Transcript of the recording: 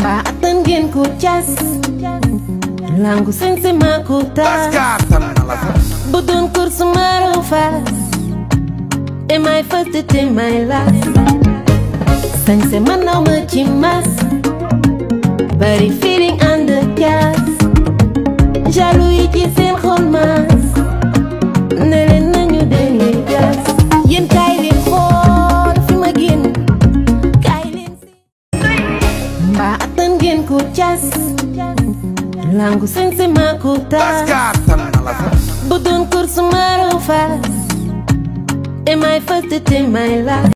Paatan gen ku cas Langgu sensi maku tas Budun kur sumaru fas Am I first it in my last Sensi manau macimas Bari feeling under gas Jalu iki se ba attan ngeen bu doon course maaroo